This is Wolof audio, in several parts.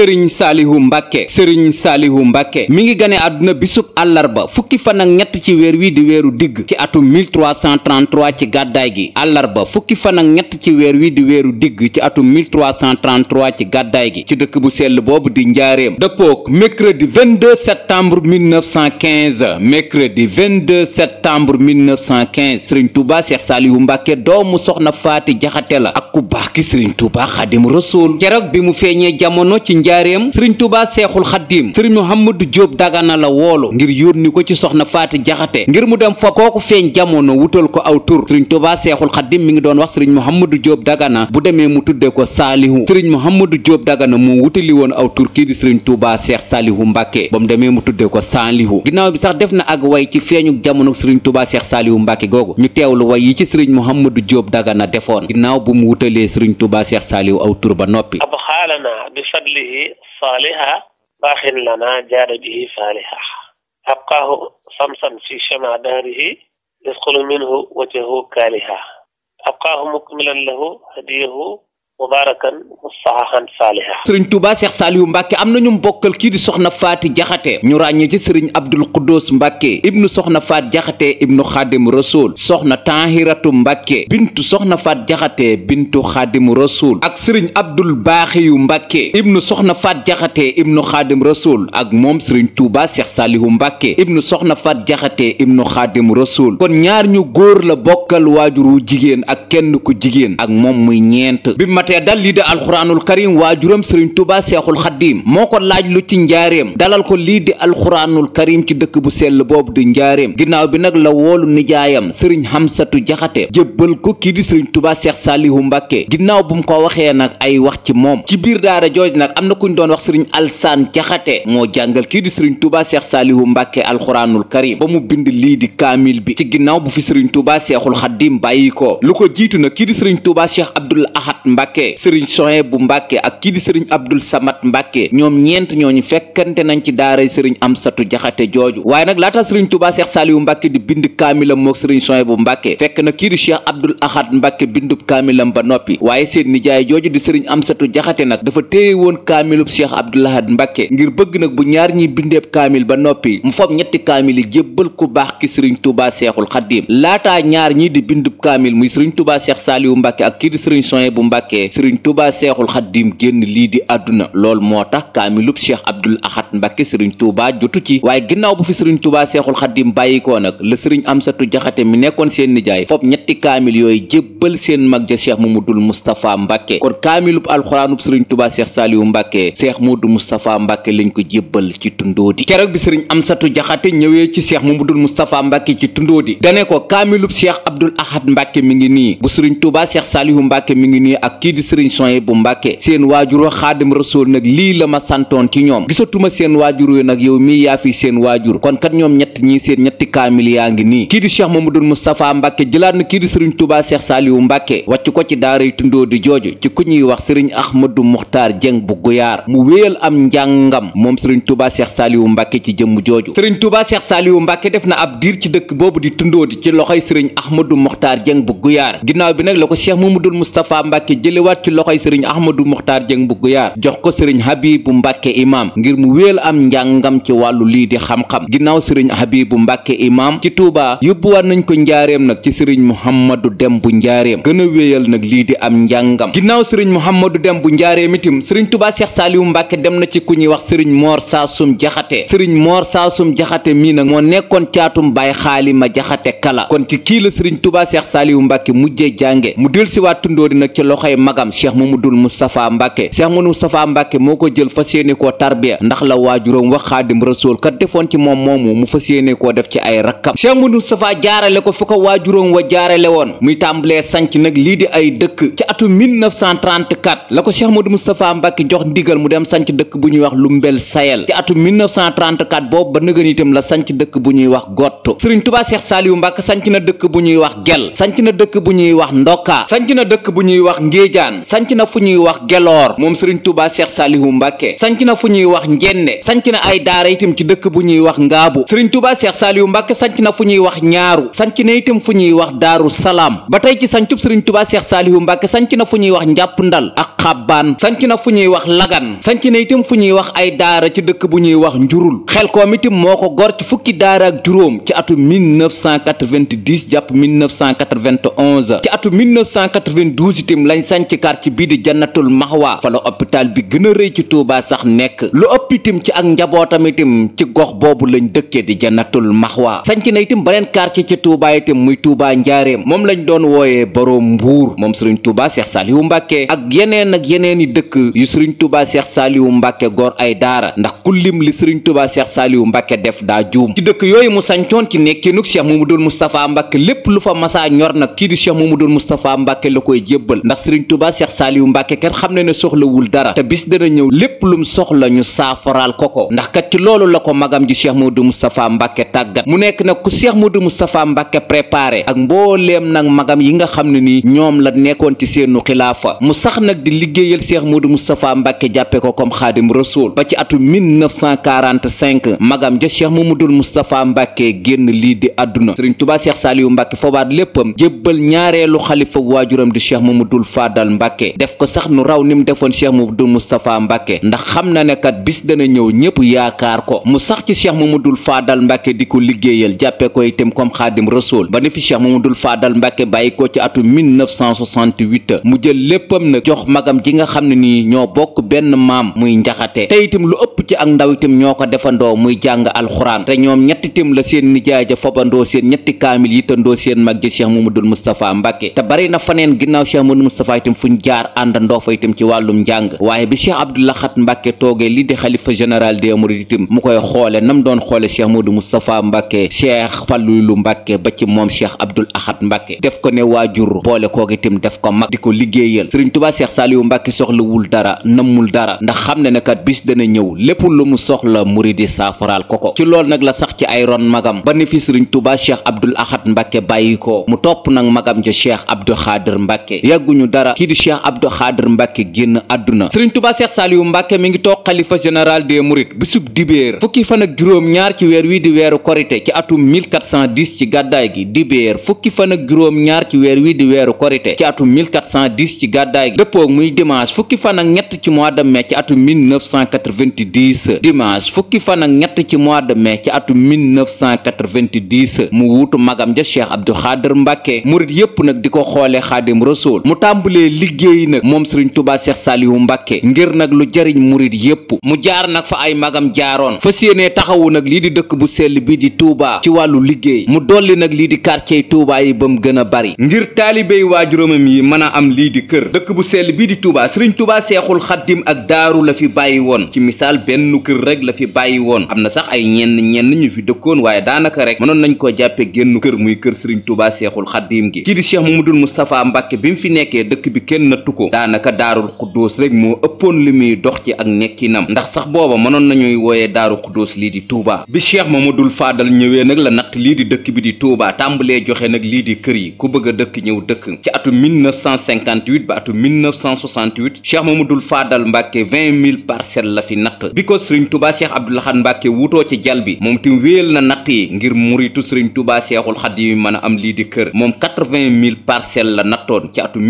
sëriñ saalihu mbàkke sëriñ saalihu mbàkke mi ngi gane àdduna bisub àllarba fukki fan ak ñett ci weer wi di weeru digg ci atum 1333 ci gàddaay gi àllarba fukki fan ñett ci weer wi di weeru digg ci atum 1333 ci gàddaay gi ci dëkk bu sell boobu di njaareem dëppook mercredi 22 septembre 1915 mercredi 22 septembre 1915 sëriñ tuuba seex saalihu mbàkke doomu soxna faati jaxate la ak ku baax ki sëriñ tuuba xadim rasuul keroog bi mu feeñee jamono ci njaareem sëriñ tubaa seexul xaddiim sëriñ muhammadu jóob dagana la woolu ngir yónni ko ci soxna faati jaxate ngir mu dem fa kooku feeñ jamono wutal ko aw tur sëriñ tubaa seexul xaddiim mi ngi doon wax sëriñ muhammadu jóob dagana bu demee mu tudde ko saalihu sëriñ muhammadu jóob dagana moo wutali woon aw tur kii di sëriñ tubaa seex saalihu mbàkke ba mu demee mu tuddee ko saalihu ginnaaw bi sax def na ak way ci feeñu jamono sëriñ tubaa seex saalihu mbàkke googu ñu teewlu way yi ci sëriñ muhammadu jóob dagana defoon ginnaaw bu mu wutalee sëriñ tubaa seex saalihu aw tur ba noppi صالحا باخ لنا جار به صالحا أبقاه صمصا في شمع دهره يدخل منه وجهه كالها أبقاه مكملا له هديه mubaarakan mustaxaxan saaliha sëriñ Touba Cheikh Saliou Mbacke am na ñu mbokkal kii di soxna faati jaxate ñu ràññee ci sëriñ Abdul Quddus Mbacke ibnu soxna faat jaxate ibnu xaadimu rasul soxna Tahiratu Mbacke bintu soxna faat jaxate bintu xaadimu rasul ak sëriñ Abdul Baaxiyu Mbacke ibnu soxna faat jaxate ibnu xaadim rasul ak moom sëriñ Touba Cheikh Saliou Mbacke ibnu soxna faat jaxate ibnu xaadimu rasul kon ñaar ñu góor la bokkal waajur wu jigéen ak kenn ku jigéen ak moom muy ñeent wootee dal lii di alxuraanul karim waajuram sëriñ tuba seexul xaddiim moo ko laaj lu ci njaareem dalal ko lii di alxuraanul karim ci dëkk bu sell boobu di njaareem ginnaaw bi nag la woolu nijaayam sëriñ xamsatu jaxate jébbal ko kii di sëriñ tuba seex saalihu mbàkke ginnaaw bu mu ko waxee nag ay wax ci moom ci biir daara jooj nag am na ku ñu doon wax sëriñ alsaan jaxate moo jàngal kii di sëriñ tuba seex saalihu mbàkke alxuraanul karim ba mu bind lii di kaamil bi ci ginnaaw bu fi sëriñ tuba seexul xaddiim di sëriñ tuba Mbàkke sëriñ soen bu Mbàkke ak kii di sëriñ Abdul Samad Mbàkke ñoom ñeent ñoo ñu fekkante nañ ci daaray sëriñ Amsatu Jaxate jooju waaye nag laata sëriñ Tuubaa Seex Saaliwu Mbàkke di bind kaamilam mook sëriñ bu Mbàkke fekk na kii di Cheikh Abdul Ahad Mbàkke bindub kaamilam ba noppi waaye seen nijaay jooju di sëriñ Amsatu Jaxate nag dafa téye woon kaamilub Cheikh Abdul Ahad Mbàkke ngir bëgg nag bu ñaar ñiy bindeeb kaamil ba noppi mu fob ñetti kaamil yi jébbal ku baax ki sëriñ Tuubaa Seexul Xadiim laata ñaar ñii di bindub kaamil muy sëriñ Tuubaa Seex Saaliwu Mbàkke ak kii di sëriñ soen bu Mbàkke waaye sëriñ Touba Seexul Xaddim génn lii di àdduna lool moo tax kaamilub Cheikh Abdoul Ahad Mbacke sëriñ Touba jotu ci waaye ginnaaw bu fi sëriñ Touba Seexul Xaddim bàyyikoo nag la sëriñ Amsatu Jaxate mi nekkoon seen nijaay fopp ñetti kaamil yooyu jébbal seen mag ja Cheikh Mamadul Moustapha Mbacke kon kaamilub alxuraanub sëriñ Touba Cheikh Saliou Mbacke Cheikh Modou Moustapha Mbacke lañ ko jébbal ci tundoo di keroog bi sëriñ Amsatu Jaxate ñëwee ci Cheikh Mamadul Moustapha Mbacke ci tundoo di dane ko kaamilub Cheikh Abdoul Ahad Mbacke mi ngi nii bu sëriñ Touba Cheikh Saliou Mbacke mi ngi nii ak kii di sëriñ soye bu mbàkke seen waajur xaadim rasool nag lii la ma santoon ci ñoom gisatuma seen waajur yooyu nag yow mii yaa fi seen waajur kon kat ñoom ñett ñii seen ñetti kaamil yaa ngi nii kii di cheikh mamadou moustapha mbàkke jëlaat na kii di sëriñ tubaa cheikh saaliwu mbàkke wàcc ko ci daaray tundoo di jooju ci ku ñuy wax sëriñ ahmadu muxtaar jeng bu guyaar mu wéyal am njàngam moom sëriñ tubaa cheikh saaliwu mbàkke ci jëmm jooju sëriñ tubaa cheikh saaliwu mbàkke def na ab diir ci dëkk boobu di tundoo di ci loxoy sëriñ ahmadu muxtaar jeng bu guyaar ginnaaw bi nag la ko cheikh mamadou moustapha mbàkke jële bàyyiwaat ci loxoy sëriñ ahmadou muxtaar jëng bu guyaar jox ko sëriñ habibu mbàkke imaam ngir mu wéel am njàngam ci wàllu lii di xam-xam ginnaaw sëriñ habibu mbàkke imaam ci tuubaa yóbbuwaat nañ ko njaareem nag ci sëriñ muhammadu dem bu njaareem gën a wéeyal nag lii am njàngam ginnaaw sëriñ muhammadu dem bu njaareem itim sëriñ tubaa seex saaliwu mbàkke dem na ci ku ñuy wax sëriñ moor saasum jaxate sëriñ moor saasum jaxate mii nag moo nekkoon caatum baay ma jaxate kala kon ci kii la sëriñ tubaa seex saaliwu mbàkke mujjee jànge mu del si waat magam cheikh mamadul moustapha mbàkke cheikh mamadul moustapha mbàkke moo ko jël fas yéene koo tarbiya ndax la waajuróom wax xaadim rasool kat defoon ci moom moomu mu fas yéene koo def ci ay rakkam cheikh mamadul moustapha jaarale ko fu ko waajuróom wa jaarale woon muy tàmbalee sanc nag lii di ay dëkk ci atu 1934 la ko cheikh mamadul moustapha mbàkke jox ndigal mu dem sanc dëkk bu ñuy wax lu mbel sayel ci atu 1934 boobu ba nëgën itam la sanc dëkk bu ñuy wax gott sëriñ tubaa cheikh saaliyu mbàkke Bougane sanc na fu ñuy wax Gelor moom Serigne Touba Cheikh Salihu Mbacke sanc na fu ñuy wax Njenne sanc na ay daara itam ci dëkk bu ñuy wax Ngaabu Serigne Touba Cheikh Salihu Mbacke sanc na fu ñuy wax Ñaaru sanc na itam fu ñuy wax Daaru Salaam ba tey ci sancub Serigne Touba Cheikh Salihu Mbacke sanc na fu ñuy wax Njàpp Ndal ak Xabbaan sanc na fu ñuy wax Lagan sanc na itam fu ñuy wax ay daara ci dëkk bu ñuy wax Njurul Xelkom itam moo ko gor ci fukki daara ak juróom ci atu 1990 jàpp 1991 ci atu 1992 itam lañ sanc ñeneen ci quartier bii di jannatul maxwa fa la hôpital bi gën a rëy ci Touba sax nekk lu ëpp itam ci ak njabootam itam ci gox boobu lañ dëkkee di jannatul maxwa sanc na itam beneen quartier ci Touba itam muy tuuba njaareem moom lañ doon wooyee boroom mbuur moom sëriñ Touba Cheikh Saliou Mbacke ak yeneen ak yeneen i dëkk yu sëriñ Touba Cheikh Saliou Mbacke gor ay daara ndax ku lim li sëriñ Touba Cheikh Saliou Mbacke def daa juum ci dëkk yooyu mu sancoon ci nekkinug Cheikh Mamadou Moustapha Mbacke lépp lu fa masaa ñor nag kii di Cheikh Mamadou Moustapha Mbacke la koy jébbal ndax Touba Seex Saaliwu Mbàkke kat xam ne ne soxlawul dara te bis dana ñëw lépp lum soxla ñu saafaraal ko ko ndax kat ci loolu la ko magam ji Cheikh Modou Moustapha Mbàkke tàggat mu nekk nag ku Cheikh Modou Moustapha Mbàkke préparé ak mbooleem nag magam yi nga xam ne ni ñoom la nekkoon ci seenu xilaafa mu sax nag di liggéeyal Cheikh Modou Moustapha Mbàkke jàppe ko comme xaadim rasul ba ci atu 1945 magam ja Cheikh Mamadou Moustapha Mbàkke génn lii di àdduna Sëriñ Touba Seex Saaliwu Mbàkke foobaat léppam jébbal ñaareelu xalifa waajuram di Cheikh Mamadou leeral mbàkke def ko sax nu raw ni mu defoon mu mamadul moustapha mbàkke ndax xam na ne kat bis dana ñëw ñëpp yaakaar ko mu sax ci cheikh dul faadal mbàkke di ko liggéeyal jàppee ko itam comme xaadim rasool ba ne fi cheikh dul faadal mbàkke bàyyi ci atu 1968 mu jël léppam nag jox magam ji nga xam ne nii ñoo bokk benn maam muy njaxate te itam lu ëpp ci ak ndaw itam ñoo ko defandoo muy jàng alxuraan te ñoom ñetti itam la seen nijaay ja fobandoo seen ñetti kaamil yitandoo seen mag ji cheikh mamadul moustapha mbàkke itam fuñ jaar àndandoo fa itam ci wàllum njàng waaye bi cheikh abdou lahat mbàkke toogee li di xalifa général de mourides itam mu koy xoole nam doon xoole cheikh modou moustapha mbàkke cheikh fàllilu mbàkke ba ci moom cheikh abdul ahad mbàkke def ko ne waajur boole koog itam def ko mag di ko liggéeyal sëriñ tubaa cheikh saaliwu mbàkke soxlawul dara nammul dara ndax xam ne nakat bis dana ñëw lépp lu mu soxla muridi saafaraal ko ko ci lool nag la sax ci ay ron magam ba ni fi sëriñ tubaa cheikh abdul ko mu topp kii di cheikh abdou xaadir mbàkke génn àdduna sëriñ tubaa saaliyu mbàkke mi ngi toog kalifa général des mourides bisub dibéer fukki fan ak juróom ñaar ci weer wii di weeru korite ci atum 1410 ci gàddaay gi dibéer fukki fan ak juróom ñaar ci weer wii di weeru korite ci atum 1410 ci gàddaay gi dëppoog muy dimanche fukki fan ñett ci mois de mai ci atum 1990 dimanche fukki fan ñett ci mois de mai ci atum 1990 mu wuutu magam ja cheikh abdou xaadir mbàkke murit yépp nag di ko xoole xaadim liggéey nag moom sëriñ tubaa seex saaliwu mbàkke ngir nag lu jariñ murit yépp mu jaar nag fa ay magam jaaroon fas yéenee taxawu nag lii di dëkk bu sell bi di tuubaa ci wàllu liggéey mu dolli nag lii di quartier tuubaa yi ba mu gën bari ngir taalibey waajuramam yi mën a am lii di kër dëkk bu sell bii di tuubaa sëriñ tubaa seexul xaddim ak daaru la fi bàyyi woon ci misaal benn kër rek la fi bàyyi woon am na sax ay ñenn ñenn ñu fi dëkkoon waaye daanaka rek mënoon nañ koo jàppe génn kër muy kër sëriñ tubaa seexul xaddim gi kii di cheikh mamadul mustapha mbàkke bi mu fi nekkee dëkk bi kenn nattu ko daanaka daarul xuddoos rek moo ëppoon li muy dox ci ak nekkinam ndax sax booba mënoon nañuy wooyee daaru xuddoos lii di Touba bi Cheikh Mamadul Faadal ñëwee nag la natt lii di dëkk bi di Touba tàmbalee joxe nag lii di kër yi ku bëgg a dëkk ñëw dëkk ci atu 1958 ba atu 1968 Cheikh Mamadul Faadal Mbàkke 20 000 parcelles la fi natt bi ko Sëriñ Touba Cheikh Abdoul Ahad Mbàkke wutoo ci jal bi moom tim wéyal na natt yi ngir muritu Sëriñ Touba Seexul Xadiim mën a am lii di kër moom 80 000 parcelles la nattoon ci atu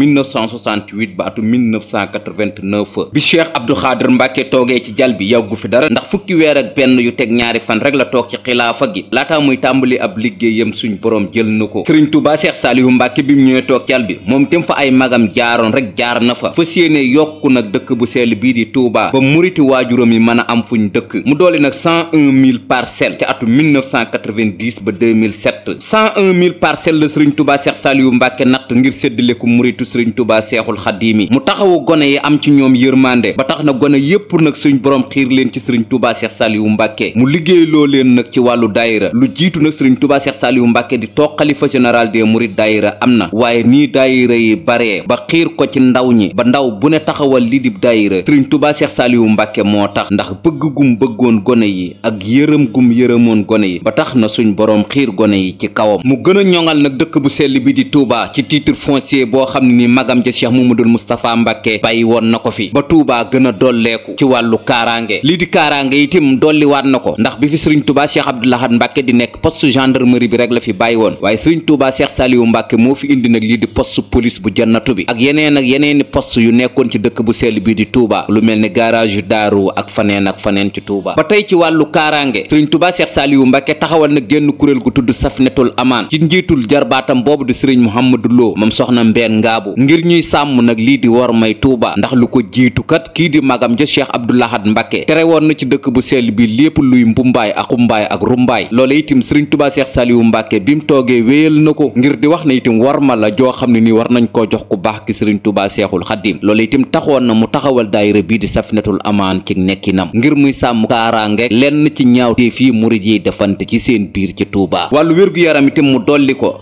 1968 ba atu 1989 bi Cheikh Abdou Khader Mbacke toogee ci jal bi yàggu fi dara ndax fukki weer ak benn yu teg ñaari fan rek la toog ci xilaafa gi laataa muy tàmbali ab liggéeyam suñ borom jël na ko Serigne Touba Cheikh Saliou Mbacke bi mu ñëwee toog jal bi moom itam fa ay magam jaaroon rek jaar na fa fas yéene yokku nag dëkk bu sell bii di Touba ba muriti waajuram yi mën a am fuñ dëkk mu dooli nag 101000 parcelles ci atum 1990 ba 2007 101000 parcelles la Serigne Touba Cheikh Saliou Mbacke natt ngir séddale ko muritu Serigne Touba seexul xaddiimi mu taxawu gone yi am ci ñoom yërmande ba tax na gone yépp nag suñ borom xiir leen ci sëriñ Touba Cheikh Saliou Mbacke mu liggéey loo leen nag ci wàllu daayira lu jiitu nag sëriñ Touba Cheikh Saliou Mbacke di toog xalifa général des mourides daayira am na waaye nii daayira yi baree ba xiir ko ci ndaw ñi ba ndaw bu ne taxawal li di daayira sëriñ Touba Cheikh Saliou Mbacke moo tax ndax bëgg gum bëggoon gone yi ak yërëm gum yërëmoon gone yi ba tax na suñ borom yi a ñoŋal nag dëkk bu sell cheikh mamadul moustapha mbàkke bàyyi woon na ko fi ba tuubaa gën dolleeku ci wàllu kaaraange lii di kaaraange itim dolliwaat na ko ndax bi fi sëriñ tuubaa cheikh abdoulahat mbàkke di nekk poste gendarmerie bi rek la fi bàyyi woon waaye sëriñ tuubaa cheikh saliwu mbàkke moo fi indi nag lii di poste police bu jannatu bi ak yeneen ak yeneeni poste yu nekkoon ci dëkk bu sell bii di tuubaa lu mel ni garage yu daaru ak faneen ak faneen ci tuubaa ba tey ci wàllu kaaraange sëriñ tuubaa cheikh saliwu mbàkke taxawal na genn kuréel gu tudd safnetul amaan ci njiitul jarbaatam boobu di sëriñ muhammadu loo sàmm nag lii di war may Touba ndax lu ko jiitu kat kii di magam ja Cheikh Abdou Lahad Mbacké tere woon na ci dëkk bu sell bi lépp luy mbumbaay a xumbaay ak rumbaay loola itim Serigne Touba Cheikh Saliou Mbacké bi mu toogee wéyal na ko ngir di wax na itim war ma la joo xam ne nii war nañ koo jox ku baax ki sëriñ Touba seexul Khadim loola itim taxoon na mu taxawal daayira bii di Safinatul Amaan ci nekkinam ngir muy sàmm kaaraange lenn ci ñaaw te fii murid yi defante ci seen biir ci Touba wàllu wér-gu-yaram itam mu dolli ko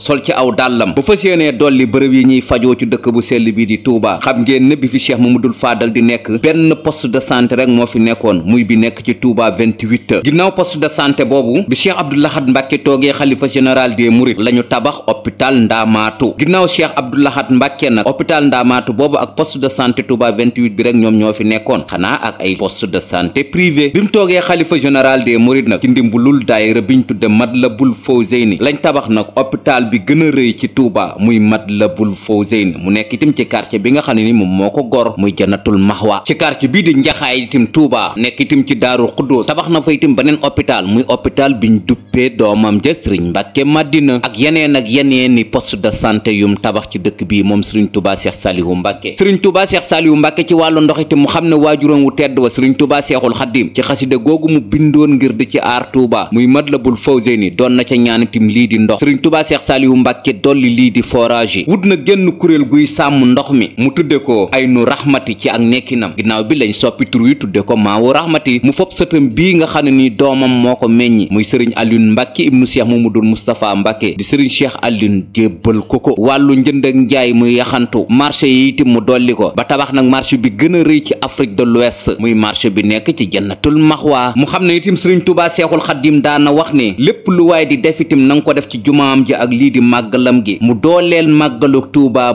bii di Touba xam ngeen ne bi fi Cheikh Mamadou Fadal di nekk benn poste de santé rek moo fi nekkoon muy bi nekk ci Touba 28 ginnaaw poste de santé boobu bi Cheikh Abdou Lahad Mbacke toogee xalifa général des Mourides la ñu tabax hôpital ndaamaatu ginnaaw Cheikh Abdou Lahad Mbacke nag hôpital Ndamaatu boobu ak poste de santé Touba 28 bi rek ñoom ñoo fi nekkoon xanaa ak ay poste de santé privé bi mu toogee xalifa général des Mourides nag ci ndimbalul daayira bi ñu tudde Matlaboul Fawzeyni lañ tabax nag hôpital bi gën a rëy ci Touba muy Matlaboul Fawzeyni mu ci quartier bi nga xam ne ni moom moo ko gor muy janatul maxwa ci quartier bii di njaxaay itam Touba nekk ci daaru xuddoos tabax na fa itam beneen hôpital muy hôpital biñ duppee doomam ja sëriñ Mbàkke Madina ak yeneen ak yeneen ni de santé yum tabax ci dëkk bi moom sëriñ Touba Cheikh Saliou Mbàkke sëriñ Touba Cheikh Saliou Mbàkke ci wàllu wa sëriñ Touba Cheikhul Xadim xasida googu mu bindoon ngir di ci aar Touba muy Matlabul Fawzeyni doon na ca ñaan lii di ndox sëriñ Touba Cheikh Saliou ndox mi mu tudde ko ay nu raxmati ci ak nekkinam ginnaaw bi lañ soppi tur wi tudde ko maawu raxmati mu fop sëtam bii nga xam ne ni doomam moo ko meññi muy sëriñ Alioune Mbacke ibnu mu dul Moustapha Mbacke di sëriñ Cheikh Alioune jébbal ko ko wàllu njënd ak njaay muy yaxantu marché yi itam mu dolli ko ba tabax nag marché bi gën a rëy ci Afrique de l'Ouest muy marché bi nekk ci jannatul maxwa mu xam ne itam sëriñ Touba Seexul Xadim daana wax ne lépp lu waaye di def itam na nga ko def ci jumaam ji ak lii di màggalam gi mu dooleel màggalu Touba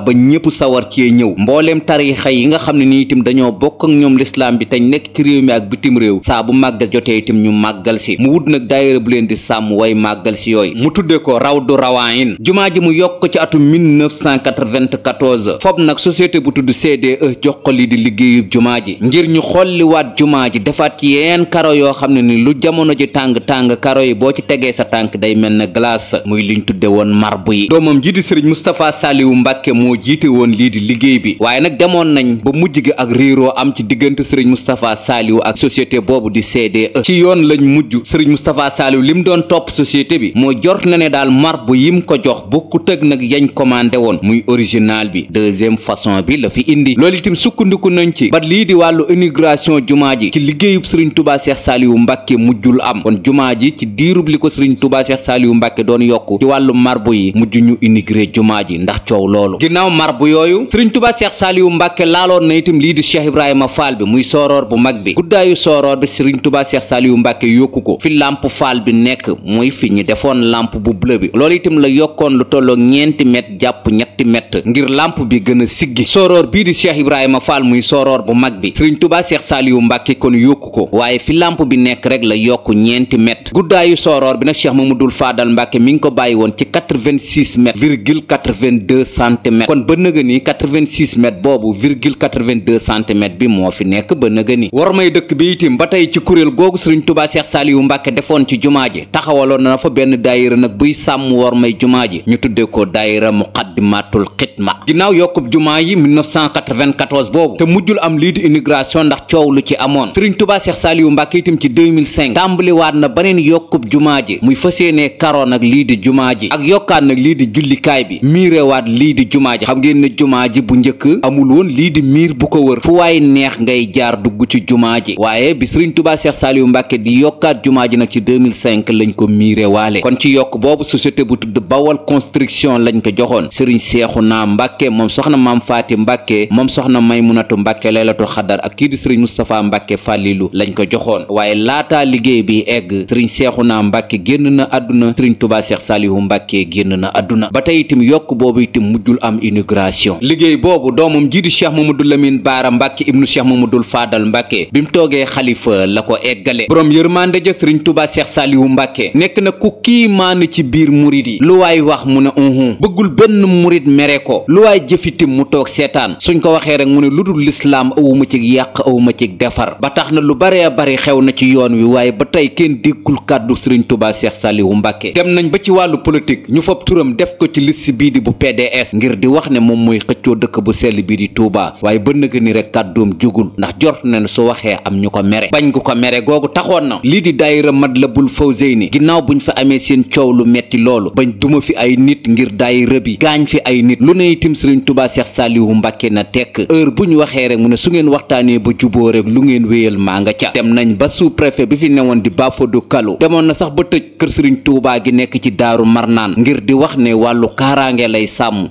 war cee ñëw mbooleem tarixa yi nga xam ne ni itam dañoo bokk ak ñoom lislaam bi teñ nekk ci réew mi ak bitim réew saa bu màggal jotee itam ñu màggal si mu wut nag daayira bu leen di sàmm way màggal si yooyu mu tudde ko raw rawdu rawaayin jumaa ji mu yokk ci atum 1994 fob nag société bu tudd CDE jox ko li di liggéeyub jumaa ji ngir ñu xolliwaat jumaa ji defaat ci yeneen karo yoo xam ne ni lu jamono ji tàng-tàng karo yi boo ci tegee sa tànk day mel ne glace muy liñ ñu woon marbu yi di liggéey bi waaye nag demoon nañ ba mujj gi ak réeroo am ci diggante sëriñ Moustapha Saliou ak société boobu di CDE ci yoon lañ mujj sëriñ Moustapha Saliou lim doon topp société bi moo jort na ne daal marbu yim ko jox bokku tëg nag yañ commandé woon muy original bi deuxième façon bi la fi indi loolu itam sukkandiku nañ ci ba lii di wàllu inauguration jumaa ji ci liggéeyub sëriñ Touba Cheikh Saliou Mbacke mujjul am kon jumaa ji ci diirub li ko sëriñ Touba Cheikh Saliou Mbacke doon yokku ci wàllu marbu yi mujj ñu inauguré jumaa ji ndax coow loolu sëriñ tubaa seex saaliwu mbàkke laaloon na itam lii di cheikh ibrahima faal bi muy sooroor bu mag bi guddaayu sooroor bi sëriñ tubaa seex saaliwu mbàkke yokku ko fi làmp faal bi nekk muy fi ñu defoon làmp bu bleu bi loolu itam la yokkoon lu tolloo ñeenti mètre jàpp ñetti met ngir làmp bi gën a siggi sooroor bii di cheikh ibrahima faal muy sooroor bu mag bi sëriñ tubaa seex saaliwu mbàkke kon yokku ko waaye fi làmp bi nekk rek la yokk ñeenti mètre guddaayu sooroor bi nag cheikh mamadul faadal mbàkke mi ngi ko bàyyi woon ci 86 mètre virgule 82 centimètre kon ba nëga ni 86 mètres boobu virgule 82 centimètres bi moo fi nekk ba nëga ni war may dëkk bi itim ba tey ci kuréel googu sëriñ tubaa seex saaliwu mbàkke defoon ci jumaa ji taxawaloon na fa benn daayira nag buy sàmm war may jumaa ji ñu tuddee ko daayira muqaddimatul xidma ginnaaw yokkub jumaa yi 1994 boobu te mujjul am lii di immigration ndax coow lu ci amoon sëriñ tubaa seex saaliwu mbàkke itim ci 2005 tàmbaliwaat na baneen yokkub jumaa ji muy fas yéenee karoon ak lii di jumaa ji ak yokkaat lii di jullikaay bi miirewaat lii di jumaa ji xam jumaa ji bu njëkk amul woon lii di miir bu ko wër fu waaye neex ngay jaar dugg ci jumaa ji waaye bi sëriñ tubaa seex saaliyu mbàkke di yokkaat jumaa ji nag ci 2005 lañ ko miire waale kon ci yokk boobu société bu tudd bawal construction lañ ko joxoon sëriñ naa mbàkke moom soxna maam faati mbàkke moom soxna maymunatu mbàkke laylatu xadar ak kii di sëriñ mustapha mbàkke fàllilu lañ ko joxoon waaye laataa liggéey bi egg sëriñ seexuna mbàkke génn na àdduna sëriñ tubaa seex saaliyu mbàkke génn na àdduna ba tey liggéey boobu doomam jiitu cheikh mamadul lamin baara mbàkke ibnu cheikh mamadul faadal mbàkke bi mu toogee xalifa la ko eggale boroom yërmande ja sëriñ tuubaa cheikh saaliwu mbàkke nekk na ku kii maan ci biir murit yi lu waaye wax mu ne unhu bëggul benn murit mere ko lu waay jëfitim mu toog seetaan suñ ko waxee rek mu ne lu dul lislaam awuma ci yàq awuma ci defar ba tax na lu bare bari xew na ci yoon wi waaye ba tey kenn déggul kàddu sëriñ tubaa cheikh saaliwu mbàkke dem nañ ba ci wàllu politique ñu fab turam def ko ci liste bii di bu pds ngir di wax ne moom mooy xëccoo dëkk bu sell bi di Touba waaye ba nëga ni rek kàddoom jugul ndax jort na ne su waxee am ñu ko mere bañ gu ko mere googu taxoon na lii di daayira Matlabul Fawzeyni ginnaaw ñu fa amee seen coow lu metti loolu bañ duma fi ay nit ngir daayira bi gaañ fi ay nit lu ne itam Sëriñ Touba Seex Saaliwu Mbàkke na tekk heure bu ñu waxee rek mu ne su ngeen waxtaanee ba juboo rek lu ngeen wéyal maa nga ca dem nañ ba sous préfet bi fi newoon di Bafodou Kalo demoon na sax ba tëj kër Sëriñ Touba gi nekk ci Daaru Marnaan ngir di wax ne wàllu kaaraange lay sàmm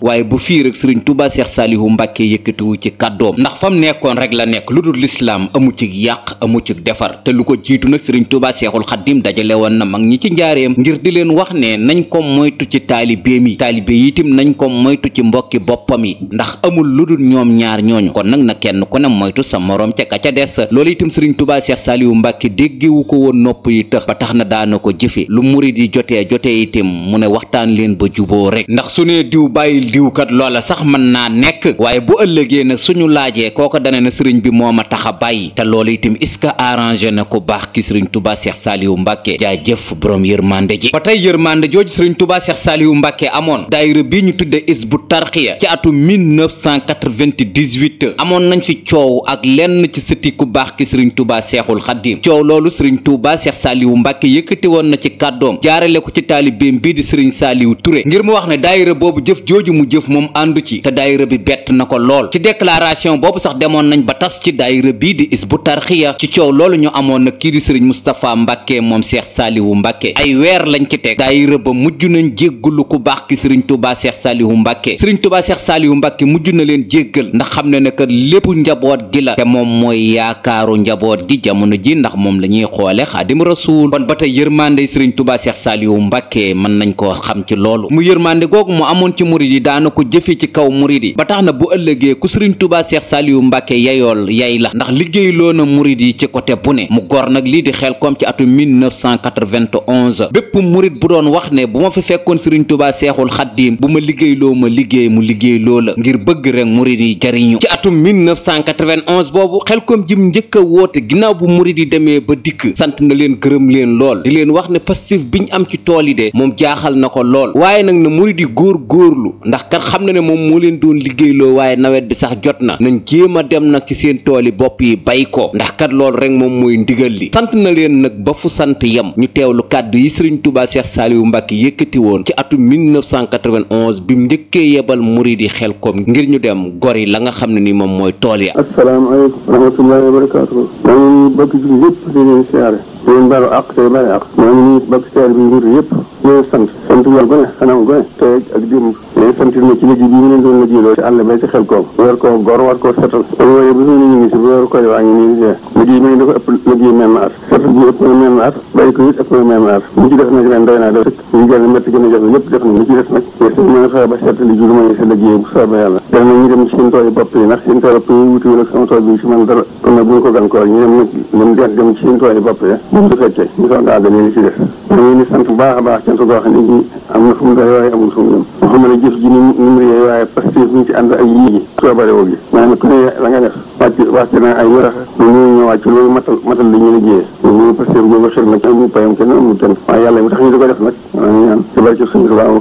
Cheikh Saalihu Mbàkke yëkkatiwu ci kàddoom ndax fam nekkoon rek la nekk lu dul lislaam amu ci yàq amu ci defar te lu ko jiitu nag sëriñ Tuubaa Seexul Xaddim dajale woon na mag ñi ci njaareem ngir di leen wax ne nañ ko moytu ci taalibeem yi taalibe yi itam nañ ko moytu ci mbokki boppam yi ndax amul lu dul ñoom ñaar ñooñu kon nag na kenn ku ne moytu sa moroom ca ca des loolu itam sëriñ Tuubaa Seex Saalihu Mbàkke déggewu ko woon nopp yi tëx ba tax na daana ko jëfe lu murid yi jotee jotee itam mu ne waxtaan leen ba juboo rek ndax su ne diw bàyyil diw loola sax mën naa naa nekk waaye bu ëllëgee nag suñu laajee kooko dana na sëriñ bi moom a tax a bàyyi te loolu itam est-ce que arrangé na ko baax ki sëriñ Tuubaa Seex Saaliwu Mbàkke jaajëf borom yërmande ji ba tey yërmande jooju sëriñ Tuubaa Seex Saaliwu Mbàkke amoon daayira bii ñu tudde Hizbut Tarqiyyah ci atu 1998 amoon nañ fi coow ak lenn ci sëti ku baax ki sëriñ Tuubaa Seexul Xadiim coow loolu sëriñ Tuubaa Seex Saaliwu Mbàkke yëkkati woon na ci kàddoom jaarale ko ci taalibeem bii di sëriñ Saaliwu Ture ngir mu wax ne daayira boobu jëf jooju mu jëf moom àndu ci te daayira daayira bi bett na ko lool ci déclaration boobu sax demoon nañ ba tas ci daayira bii di isbu tarxiya ci coow loolu ñu amoon na kii di sëriñ Moustapha Mbàkke moom Seex Saaliwu Mbàkke ay weer lañ ci teg daayira ba mujj nañ lu ku baax ki sëriñ Tuubaa Seex Saaliwu Mbàkke sëriñ Tuubaa Seex Saaliwu Mbàkke mujj na leen jéggal ndax xam ne ne que lépp njaboot gi la te moom mooy yaakaaru njaboot gi jamono ji ndax moom la ñuy xoole xaadim rasuul kon ba tey yërmande sëriñ Tuubaa Seex Saaliwu Mbàkke mën nañ ko xam bi ba tax na bu ëllëgee ku sëriñ tubaa seex saaliyu mbàkke yayool yay la ndax liggéey loo na murit yi ci côté bu ne mu gor nag lii di xelkom ci atum bépp murit bu doon wax ne bu ma fi fekkoon sëriñ tubaa seexul xaddiim bu ma liggéey loo ma liggéey mu liggéey loo la ngir bëgg rek murit yi jariñu ci atum 1991 xel xelkom jim njëkk a woote ginnaaw bu murit yi demee ba dikk sant na leen gërëm leen lool di leen wax ne pastif biñ am ci tool yi de moom jaaxal na ko lool waaye nag doon liggéeyloo waaye nawet bi sax jot na nañ jéem a dem nag ci seen tool yi bopp yi bay ko ndax kat loolu rek moom mooy ndigal li sant na leen nag ba fu sant yem ñu teewlu kàddu yi sëriñ Tuubaa Seex Saaliwu Mbàkke yëkkati woon ci atum 1991 bi mu njëkkee yebal murid yi xel ko ngir ñu dem gori la nga xam ni moom mooy tool ya asalaamaaleykum wa rahmatullaahi wa barakaatuh maa ngi bokk ci yëpp leen siyaare di leen baru àq tey bari àq maa ngi bokk siyaare bi mbir yëpp ñu sant sant yoon gone xanaa gone te ak démb mais sant na ci liggéey bi ñu leen doon liggéeyloo ci àll bay ci xel koom war koo gor war koo setal yooyu bu ñu ñu ngi si bu war ko waa ngi nii liggéey bi dafa ëpp liggéey menn at setal bi ëpp na menn at bàyyi ko it ëpp na menn at mu ci def nag ren doy naa def ñu jël métti gën a jox lépp def na mu ci def nag yéen mën a fexe ba seetali ji lu may sa liggéey bu soobee yàlla def na ñu dem seen tool yi bopp yi ndax seen tool yi wutul ak sama tool bi si man dara kon nag bu ñu ko gan koor ñu dem nag dem dem ci seen tool yi bopp yi bu ñu fekkee ñu soog a àgg li ci def ñu sant bu baax a baax cant koo a ne ji am na fu mu doy waaye amul fu mu yem waxuma ne jëf ji ni mu réy waaye pastéef mi ci ànd ak yii ji soo barewoo gi maanaam ku ne la nga def wàcc na ay warax loolu ñu wàcc loolu matal matal li ñu liggéeyee loolu pastéef boobu xër na amul payam kenn amul kenn waaye yàlla ci suñu na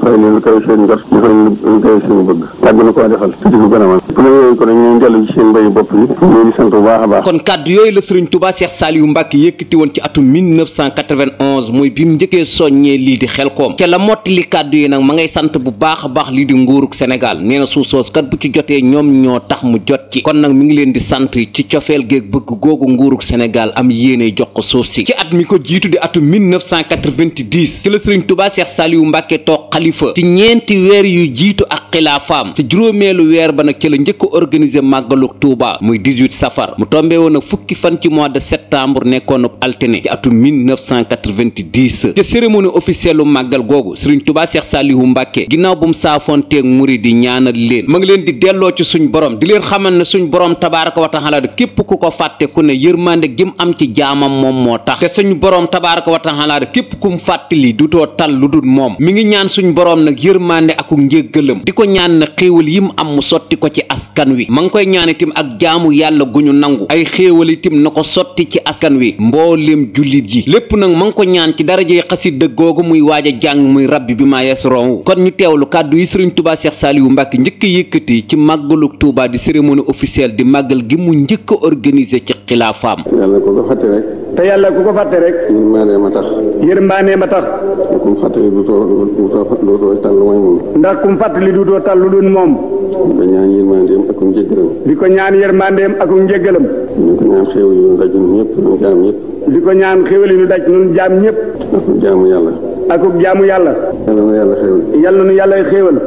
koo defal te a bopp yi leen kon kàddu yooyu la Serigne Touba Cheikh Saliou Mbacke yëkkati woon ci atum 1991 muy bi mu njëkkee lii di xel koom ca la mottali kàddu yi nag ma ngay sant bu baax a baax lii di nguurug Sénégal nee na suuf soos kat bu ci jotee ñoom ñoo tax mu jot ci kon nag mi ngi leen di sant ci cofeel géeg bëgg googu nguurug Sénégal am yéene jox ko suuf si ci at mi ko jiitu di atum ci la Serigne Touba Cheikh Saliou Mbacke mbàkke toog xalifa ci ñeenti weer yu jiitu ak xilaafaam ci weer ba nag ci la njëkk a organiser màggalu Touba muy 18 safar mu tombé woon ak fukki fan mois de septembre nekkoon altine ci atum 1990 ca cérémonie officielle u màggal googu Serigne Touba Cheikh Salihu Mbàkke ginnaaw bu mu saafonteeg muri di ñaanal leen ma ngi leen di delloo ci suñ borom di leen xamal ne suñ borom tabaaraka wa taala képp ku ko fàtte ku ne yërmande gi mu am ci jaamam moom moo tax te suñ borom tabaaraka wa taala képp ku mu fàttali dutoo tal lu dul moom ngi ñaan suñ boroom nag yërmande ak njéggalam di ko ñaan na xéewal yi yim am mu sotti ko ci askan wi ma ngi koy ñaan itam ak jaamu yàlla guñu nangu ay xéewal itam na ko sotti ci askan wi mbooleem jullit yi lépp nag ma ngi ko ñaan ci darajey xasida googu muy waaja a jàng muy rabbi bi maa yasroon kon ñu teewlu kàddu yi sëriñ Tuubaa Seex Saaliwu Mbàkke njëkk a yëkkati ci màggalu Tuubaa di cérémonie officielle di màggal gi mu njëkk a ci xilaafaam te yàlla ku ko fàtte rek. yërmande ma tax. yërmande ma tax. ndax kum fàttali duutoo duutoo tal lu mooy moom. ndax kum fàttali duutoo tal lu dul moom. di ko ñaan yërmandeem ak um njëggalam. di ko ñaan yërmandeem ak um njëggalam. di ko ñaan xéewal yu ñu daj ñun ñëpp ñun jaam ñëpp. di ko ñaan xéewal yu ñu jaamu yàlla. akub jaamu yàlla. yal nu yàlla xéewal. yal nu yàlla xéewal.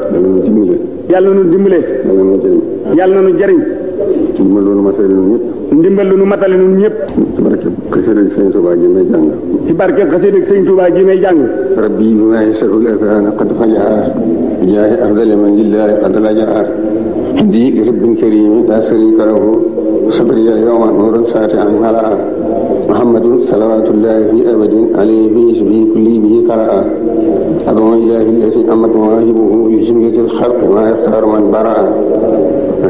yàlla na nu dimbalee. yàlla na nu jariñ. ndimbal lu nu matale ñun ñëpp. ndimbal nu matale ñun ñëpp. ci barkeb xasida ak sëñ Touba ji may jàng. ci barkeb xasida ak sëñ Touba ji may jàng. rabbi bi maa yasarul azaan qad fajaar bi jaahi afdali man qad lajaar di rabbin karimi laa sarika lahu sadri yawman nuran an malaa محمد صلوات الله أبد عليه بحسبه كلي به قرأ أبو الله الذي أمت مواهبه بجملة الخلق ويختار من برأ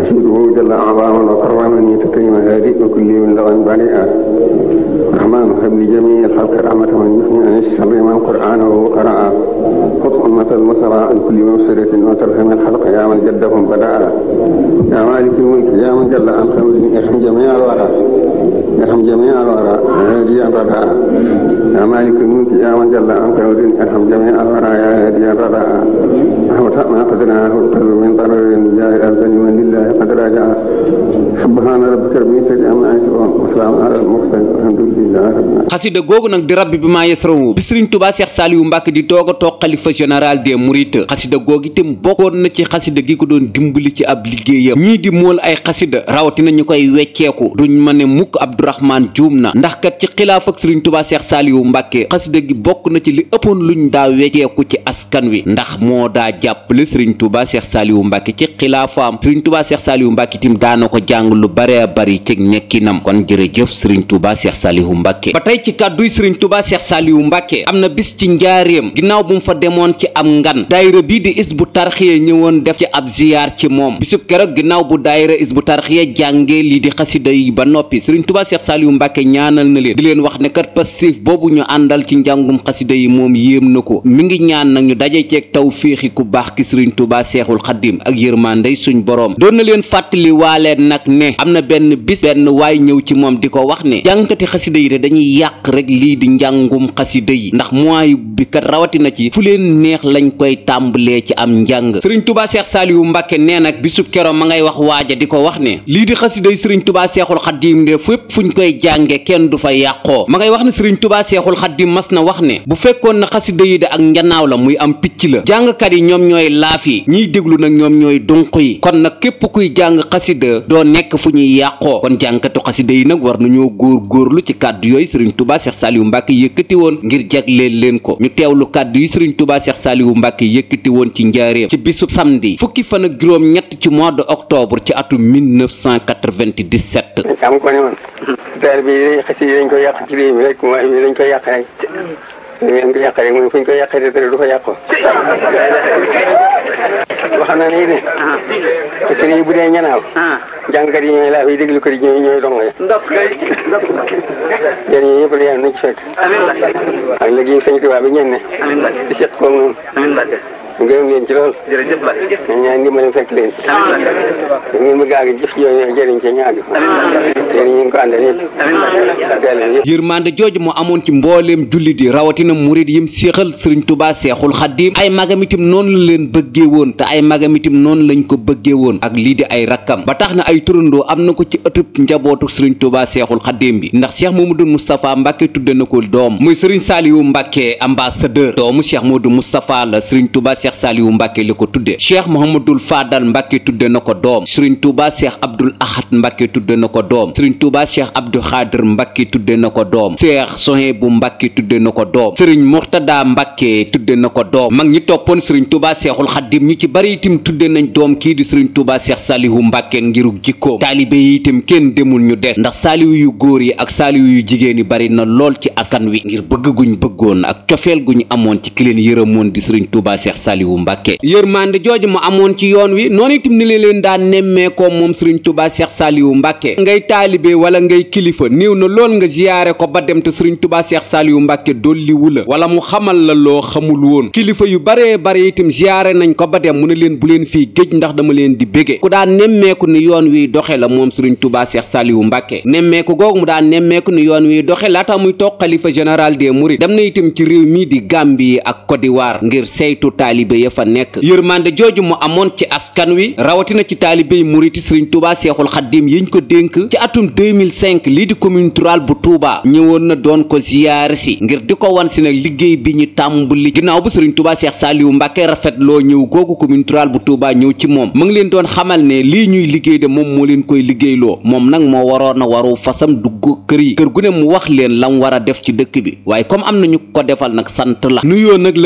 أشهده جل أعظاما وكرما يتكرم هادئ وكل من لغا بريئا رحمن هب لجميع الخلق رحمة من يثني عن الشر من قرآنه قرأ خذ أمة المسرى عن كل مبصرة وترحم الخلق يا من جدهم بدأ يا مالك الملك يا من جل عن خير احم جميع الورى nga xam jami alwara hadi an rada ya malikul mulki ya man jalla an kawdin nga xam jami alwara ya hadi an rada ما قدرناه القلب من قرار جاه xasida googu nag di rabbi bi maa yasrawu bi Serigne Touba Cheikh Saliou Mbacke di doog a toog xalifa général xasida googu itam bokkoon na ci xasida gi ko doon dimbali ci ab liggéeyam ñii di mool ay xasida rawatina ñu koy wecceeku duñ ma ne mukk Abdourahmane Dioum na ndax ci xilaaf ak sëriñ tubaa seex saaliwu mbàkke xasida gi bokk na ci li ëppoon luñ daa wecceeku ci askan wi ndax moo daa jàppale sëriñ tubaa seex saaliwu mbàkke ci xilaafaam sëriñ tubaa seex saalihu mbàkke tim daana ko jàng lu bare bari ci nekkinam kon jërëjëf sëriñ tubaa seex saalihu mbàkke ba tey ci kàdduy sëriñ tubaa seex saalihu mbàkke am na bis ci njaareem ginnaaw bu mu fa demoon ci am ngan daayira bii di is bu tarxiya ñëwoon def ci ab ziyaar ci moom bisub keroog ginnaaw bu daayira is bu tarxiya jàngee lii di xasida yi ba noppi sëriñ tubaa seex saalihu mbàkke ñaanal na leen leen wax ne kat passif boobu ñu àndal ci njàngum xasida yi moom yéem na ko mi ngi ñaan nag ñu daje ceeg taw féexi ku baax ki sëriñ tubaa seexul xaddim ak yërma yërmandey suñ boroom doon na leen fàttali waalee nag ne am na benn bis benn waay ñëw ci moom di ko wax ne jàngkati xasida yi de dañuy yàq rek lii di njàngum xasida yi ndax mois bi kat rawatina ci fu leen neex lañ koy tàmbalee ci am njàng sëriñ tubaa seex saaliwu mbàkke nee nag bisub kero ma ngay wax waaja di ko wax ne lii di xasiday sëriñ tubaa seexul xaddiim de fépp fuñ koy jànge kenn du fa yàqoo ma ngay wax ne sëriñ tubaa seexul xaddiim mas na wax ne bu fekkoon na xasida yi de ak njanaaw la muy am picc la jàngkat yi ñoom ñooy laaf ñiy déglu nag xunq yi kon nag képp kuy jàng xasida doo nekk fu ñuy yàqoo kon jàngkatu xasida yi nag war nañoo góor góorlu ci kàddu yooyu sëriñ Tuubaa Seex Saaliwu Mbàkke yëkkati woon ngir jagleel leen ko ñu teewlu kàddu yi sëriñ Tuubaa Seex Saaliwu Mbàkke yëkkati woon ci njaareem ci bisub samedi fukki fan ak juróom ñett ci mois de octobre ci atum 1997 am ko ne woon daal hmm. bi xasida yi dañ ci réew mi rek mooy dañ ko yàq li ngeen ko yàqee rek ko yàqee te dara wax na ni de. te sëriñ yi bu dee ñanaaw. Ah. jàngkat yi ñooy laaf yi déglu kër ñooy ñooy dong rek. jërëjëf ñëpp la yàlla nañ ci fekk. amiin ak léegi sëñ Tuubaa bi ñenn. gërëm leen jooju jëriñ mu amoon ci mbooleem jullit yi rawatina murit yim séexal sëriñ tubaa seexul xaddim ay magam itam noonu leen bëggee woon te ay magam noonu lañ ko bëggee woon ak lii di ay rakkam ba tax na ay turandoo am na ko ci ëtëb njabootu sëriñ tubaa seexul xaddim bi ndax cheikh mamadou moustapha mbàkke tudde na ko doom muy sëriñ saaliyu mbàkke ambassadeur doomu cheikh mamadou moustapha la sëriñ tubaa Cheikh Saliou Mbacke la ko tudde Cheikh Mouhamadul Fadal Mbacke tudde na ko doom Serigne Touba Cheikh Abdoul Ahad Mbacke tudde na ko doom Serigne Touba Cheikh Abdou Khadir Mbacke tudde na ko doom Cheikh bu Mbacke tudde na ko doom Serigne Mourtada Mbacke tudde na ko doom mag ñi toppoon Serigne Touba Cheikhul Khadim ñu ci bari itam tudde nañ doom kii di Serigne Touba Cheikh Saliou Mbacke ngirug jikkoom taalibe yi itam kenn demul ñu des ndax saaliw yu góor yi ak saaliw yu jigéen yi bari na lool ci askan wi ngir bëgg guñ Saliou Mbacke yërmande jooju mu amoon ci yoon wi noonu itam ni li leen daan nemmeekoo moom Serigne Touba Cheikh Saliou Mbacke ngay taalibe wala ngay kilifa néew na lool nga ziyaare ko ba dem te Serigne Touba Cheikh Saliou Mbacke dolliwu la wala mu xamal la loo xamul woon kilifa yu baree bare itam ziyaare nañ ko ba dem mu ne leen bu leen fii géej ndax dama leen di bége ku daan nemmeeku ni yoon wiy doxe la moom Serigne Touba Cheikh Saliou Mbacke nemmeeku googu mu daan nemmeeku ni yoon wiy doxe laata muy toog général des dem na itam ci réew mii di Gambie taalibe ya fa nekk yërmande jooju mu amoon ci askan wi rawatina ci taalibey muriti sëriñ Tuubaa Seexul Xaddim yiñ ko dénk ci atum lii di commune rurale bu Touba ñëwoon na doon ko ziyaare si ngir di ko wan si nag liggéey bi ñu tàmbali ginnaaw bu sëriñ Tuubaa Seex Saaliwu Mbàkke rafetloo ñëw googu commune rurale bu Touba ñëw ci moom mu ngi leen doon xamal ne lii ñuy liggéey de moom moo leen koy liggéeyloo moom nag moo waroon a waru fasam dugg kër yi kër gu ne mu wax leen lam war a def ci dëkk bi waaye comme am nañu ko defal nag sant la nuyoo nag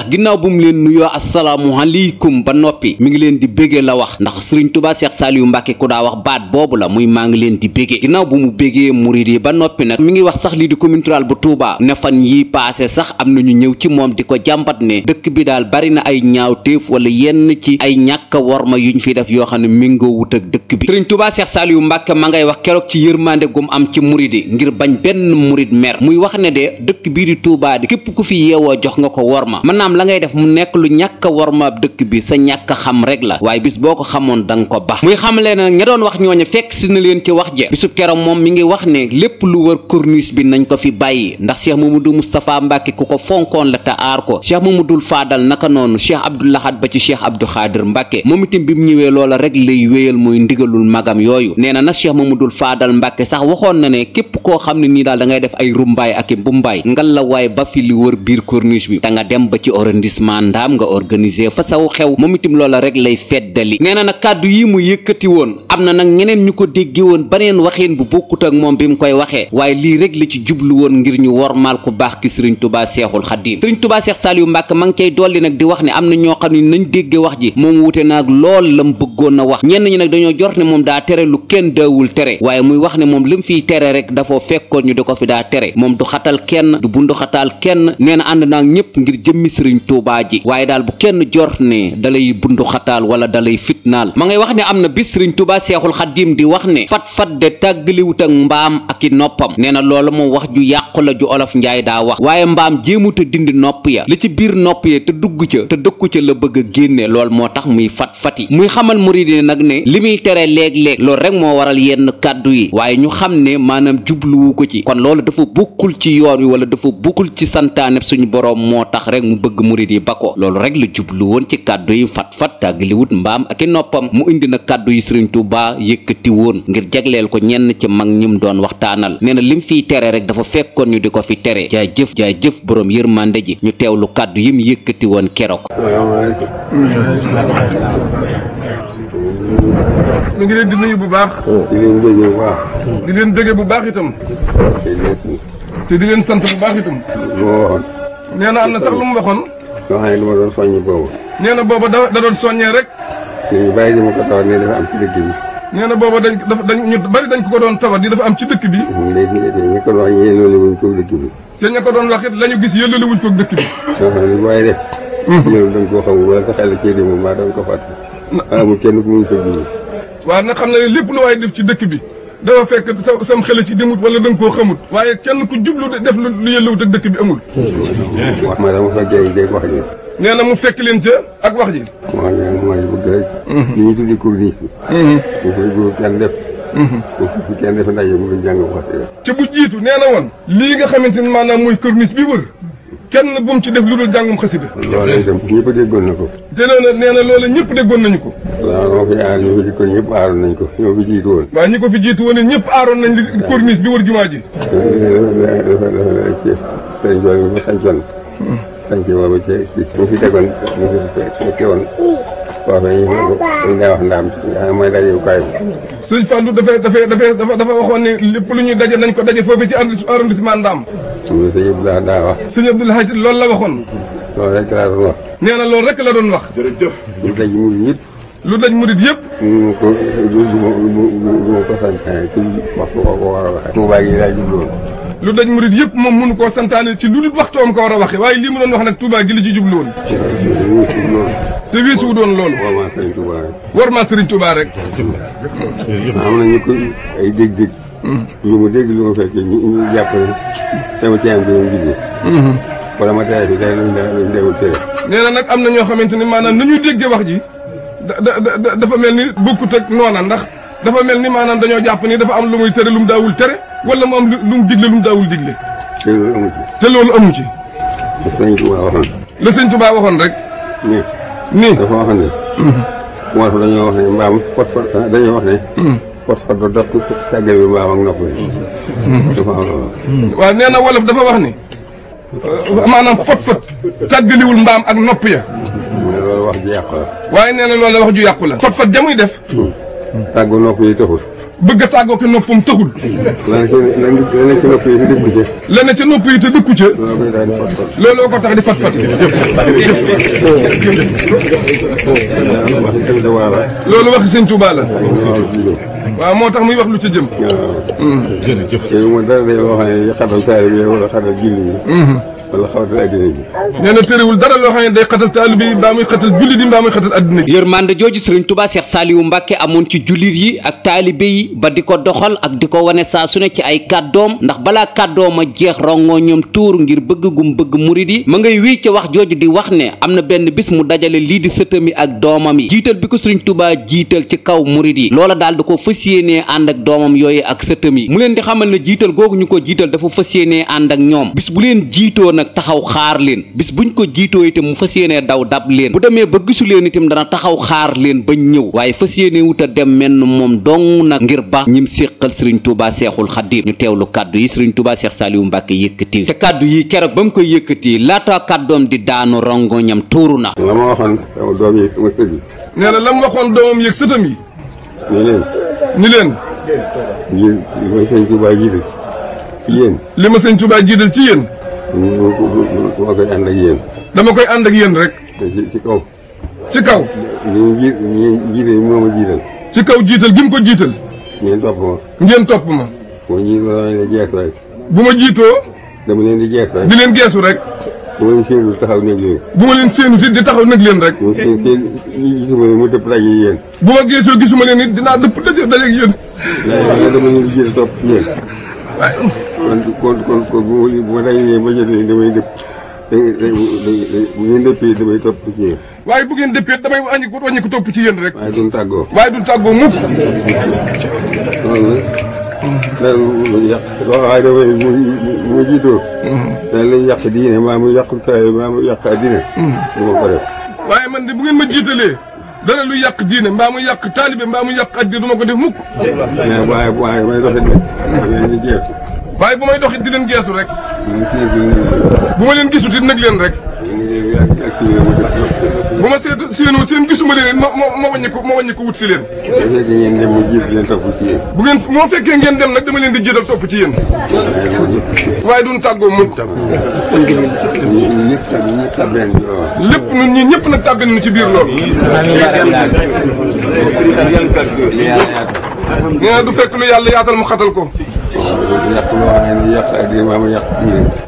ndax ginnaaw bu mu leen nuyoo asalaamualeykum ba noppi mu ngi leen di béggee la wax ndax sëriñ tubaa seex saaliyu mbàkke ku daa wax baat boobu la muy maa ngi leen di béggee ginnaaw bu mu béggee murid yi ba noppi nag mi ngi wax sax lii di commune rurale bu Touba ne fan yi paase sax am na ñu ñëw ci moom di ko jàmbat ne dëkk bi daal bari na ay ñaaw téef wala yenn ci ay ñàkk worma ñu fi def yoo xam ne mingoo wut ak dëkk bi sëriñ tubaa seex saaliyu mbàkke ma ngay wax keroog ci yërmande gum am ci muri yi ngir bañ benn murid mer muy wax ne de dëkk bii di Touba di képp ku fi yeewoo jox nga ko worma naam la ngay def mu nekk lu a wormaab dëkk bi a xam rek la boo ko xamoon da ko bax muy xam doon wax ñooñu fekk si na leen ci wax ja bisub keroog moom mi ngi wax ne lépp lu wër bi nañ ko fi bàyyi ndax cheikh mamadou moustapha mbàkke ku ko fonkoon la te aar ko mu dul faadal naka noonu cheikh abdou lahad ba ci cheikh abdou xaadir mbàkke moom itam bi mu ñëwee loola rek lay wéyal mooy ndigalul magam yooyu nee na nag cheikh mamadul faadal mbàkke sax waxoon na ne képp koo xam ne nii daal dangay def ay rumbaay ak i mbumbaay ngal la waay ba fi li wër biir corniche bi da dem ba ci ci arrondissement ndaam nga organiser fa saw xew moom itam loola rek lay feddali nee na nag kàddu yi mu yëkkati woon am na nag ñeneen ñu ko dégge woon baneen waxeen bu bokkut ak moom bi mu koy waxee waaye lii rek la ci jublu woon ngir ñu wormaal ku baax ki sëriñ tubaa seexul xaddiim sëriñ tubaa seex saaliyu mbàkke ma ngi cay dolli nag di wax ne am na ñoo xam ne nañ dégge wax ji moom wute naag lool lam bëggoon a wax ñenn ñi nag dañoo jort ne moom daa tere lu sëriñ tuubaa ji waaye daal bu kenn jort ne dalay bundu xataal wala dalay fitnaal ma ngay wax ne am na bis sëriñ tuubaa seexul xaddiim di wax ne fat-fat de tàggaliwut ak mbaam ak i noppam nee na loolu moom wax ju yàqu la ju olof njaay daa wax waaye mbaam jéemuta dindi nopp ya li ci biir nopp ya te dugg ca te dëkku ca la bëgg a génne loolu moo tax muy fat-fati muy xamal murid nag ne li muy tere léeg-léeg loolu rek moo waral yenn kàddu yi waaye ñu xam ne maanaam jubluwu ko ci kon bëgg murit yi ba ko loolu rek la jublu ci kàddu yi fat-fat tàggaliwut mbaam ak i noppam mu indi na kàddu yi sëriñ Tuubaa yëkkati woon ngir jagleel ko ñenn ci mag ñim doon waxtaanal nee na lim fiy tere rek dafa fekkoon ñu di ko fi tere jaay jëf jaay jëf boroom yërmande ji ñu teewlu kàddu yim yëkkati woon keroog ñu ngi leen di nuyu bu baax oh, di bu baax di leen te di leen sant bu baax itam nee na am na sax lu mu waxoon. loo xam ne lu doon soññi boobu. nee na boobu da da doon soññee rek. ñu bàyyi di ma ko tawat ne dafa am ci dëkk bi. nee na booba dañ dañ ñu bari dañ ko doon tawat di dafa am ci dëkk bi. léegi ñi ko wax yéen wuñ ko dëkk bi. te ko doon wax la ñu gis yëlale wuñ ko dëkk bi. yoo xam ne waaye def. ñoom hmm. koo xamul wala sa xel cee di moom ko fàtte. amul kenn ku mu ngi ko jiw. waaw nag xam na lépp lu waay def ci dëkk bi dafa fekk sa sam xel ci demut wala da koo xamut waaye kenn ku jublu def lu yëllawut ak dëkk bi amul. wax ma dama fa jëy jëy wax ji. nee na mu fekk leen ca ak wax ji. waaw ñaar mooy bëgg rek. Mhm. ni ñu tuddee kur nii. bu koy bu kenn mhm. jàng wax ci bu jiitu nee na woon. lii nga xamante ne maanaam mooy corniche bi wër. kenn bu mu ci def lu dul jàngum xasida. loolu itam ñëpp déggoon na ko. te loolu nee na loolu ñëpp déggoon nañu ko. waaw ma fi aar ñu fi ko ñoo fi jiitu woon. waaw ñi ko fi jiitu woon ñëpp aaroon nañ li corniche bi wër jumaa ji. sëriñ Tuubaa mi fa sancoon. sanc boobu ci ci mu fi déggoon mu fi fekkewoon wax nañu ñu daa wax ndaam mooy dajewukaay bi. sëñ Fallou dafay dafay dafay dafa dafa waxoon ne lépp lu ñuy daje nañ ko daje foofu ci arrondissement Ndam. loolu sëñ Abdoulaye daa wax. sëñ Abdoulaye loolu la waxoon. loolu rek laa doon wax. nee na loolu rek la doon wax. jërëjëf. lu daj murid yëpp. lu daj murid yëpp. ñu ko du du du ko sant ci wax ko war a waxee. Touba gi laa lu daj murit yëpp moom mënu koo santaane ci lu dul waxtoom ko war a waxe waaye lii mu doon wax nag Touba gi li ci jublu woon te weesu wu doon loolu war maa Serigne Touba rek am na ay dégg-dégg ñu hmm. mu dégg lu hmm. ma fekkee bi moom nee na nag am na ñoo xamante ni maanaam nañu déggee wax ji da dafa mel ni bokkut ak noona ndax dafa mel ni maanaam dañoo jàpp ni dafa am lu muy tere lu mu daawul tere wala mu am lu mu digle lu mu daawul digle. te loolu amu ci. te loolu amu ci. sëñ Tuba waxoon. la sëñ Tuba waxoon rek. nii. nii dafa wax ne. wolof dañoo wax ne mbaam pot pot dañoo wax ne. Mhm. pot pot ba dott càggal bi mbaam ak nopp bi. Mhm. Mhm. dafa am loolu. waaw nee na wolof dafa wax ni. maanaam fot fot tàggaliwul mbaam ak nopp ya. loolu wax ju yàqu la. waaye nee na loolu wax ju yàqu la. fot fot jamuy def. tàggoo nopp yi taxul. bëgg a tàggoo ki noppam taxul. leneen ci leneen ci nopp yi te dëkku ca. leneen ci nopp yi te dëkku ca. looloo ko tax di fat fat. loolu waxi sëñ Tuubaa la. waaw moo tax muy wax lu ci jëm. Mm. jërëjëf. tey moom dara day wax ne xatal taalibe wala xatal julli wala xawatal addina bi nee na tëriwul dara loo xam ne day xatal taalibe yi mbaa muy xatal jullit yi mbaa muy xatal addina bi yërmande jooju sëriñ Tuubaa Seex Saaliwu Mbàkke amoon ci jullit yi ak taalibe yi ba di ko doxal ak di ko wane saa su ne ci ay kàddoom ndax balaa kàddoom a jeex rongoo ñoom tuur ngir bëgg gum bëgg murid yi ma ngay wii ci wax jooju di wax ne am na benn bis mu dajale lii di sëtam yi ak doomam yi jiital bi ko sëriñ tubaa jiital ci kaw murid yi loola daal da ko fas yéenee ànd ak doomam yooyu ak sëtam yi mu leen di xamal ne jiital googu ñu ko jiital dafa fas yéenee ànd ak nag taxaw xaar leen bis buñ ko jiitoo itam mu fas yéenee daw dab leen bu demee ba gisu leen itam dana taxaw xaar leen bañ ñëw waaye fas yéenee wut a dem menn moom dong nag ngir ba ñim séqal sëriñ Tuubaa Seexul Xadiim ñu lu kàddu yi sëriñ Tuubaa Seex Saaliwu Mbàkke yëkkati te kàddu yi keroog ba mu koy yëkkati laata kàddoom di daanu rongoñam tuuru na la ma waxoon doom yi nee na la mu waxoon doomam yëg sëtam yi ni leen ni leen li ma sëñ Tuubaa jiital ci yéen li ma sëñ dama koy ànd ak yéen. dama koy ànd ak yéen rek. ci kaw. ci kaw. ñii ji ñii jiite jiital. ci kaw jiital gi ko jiital. ngeen topp ma. ngeen topp ma. boo jiitu dama leen di gees rek. bu ma jiitoo. dama leen di gees rek. di leen geesu rek. bu ma leen séenu taxaw nag leen. bu ma di taxaw nag leen rek. mu seen mu dëpp daje yéen. bu ma geesoo gisuma leen it dinaa dëpp daje daje ma yéen. dama leen di jël topp yéen. waaye. kon kon kon bu ma bu ma ràññee ba jëlee damay dëpp bu ngeen dëppee damay topp ci yéen. waaye bu ngeen dëppee damay wàññi ko wàññi ko topp ci yéen rek. waaye duñ tàggoo. waaye duñ tàggoo mukk. daal lu yàq waaye damay mu mu jiitoo. daal lay yàq diine maa mu yàq kaay maa mu yàq addina. Mm-hmm. du ma ko def. waaye man de bu ngeen ma jiitalee. dara lu yàq diine mbaa muy yàq taalibe mbaa muy yàq addi du ma ko def mukk. waaye eh, waaye may doxit rek. waaye bu may doxit di leen geesu rek. bu ma leen gisut it nag leen rek. bu ma seet séenoo seen gisuma leen si ma ma wàññi ma wàññi ko wut si leen. bu fekkee ngeen dem ma jiital leen topp bu ngeen moo fekkee ngeen dem nag dama leen di jiital topp ci yéen. waaye du duñ tàggoo mukk. lépp ñun ñii ñëpp nag tàbbi nañu ci biir lool nee na du fekk lu yàlla yaatal mu xatal ko. yàq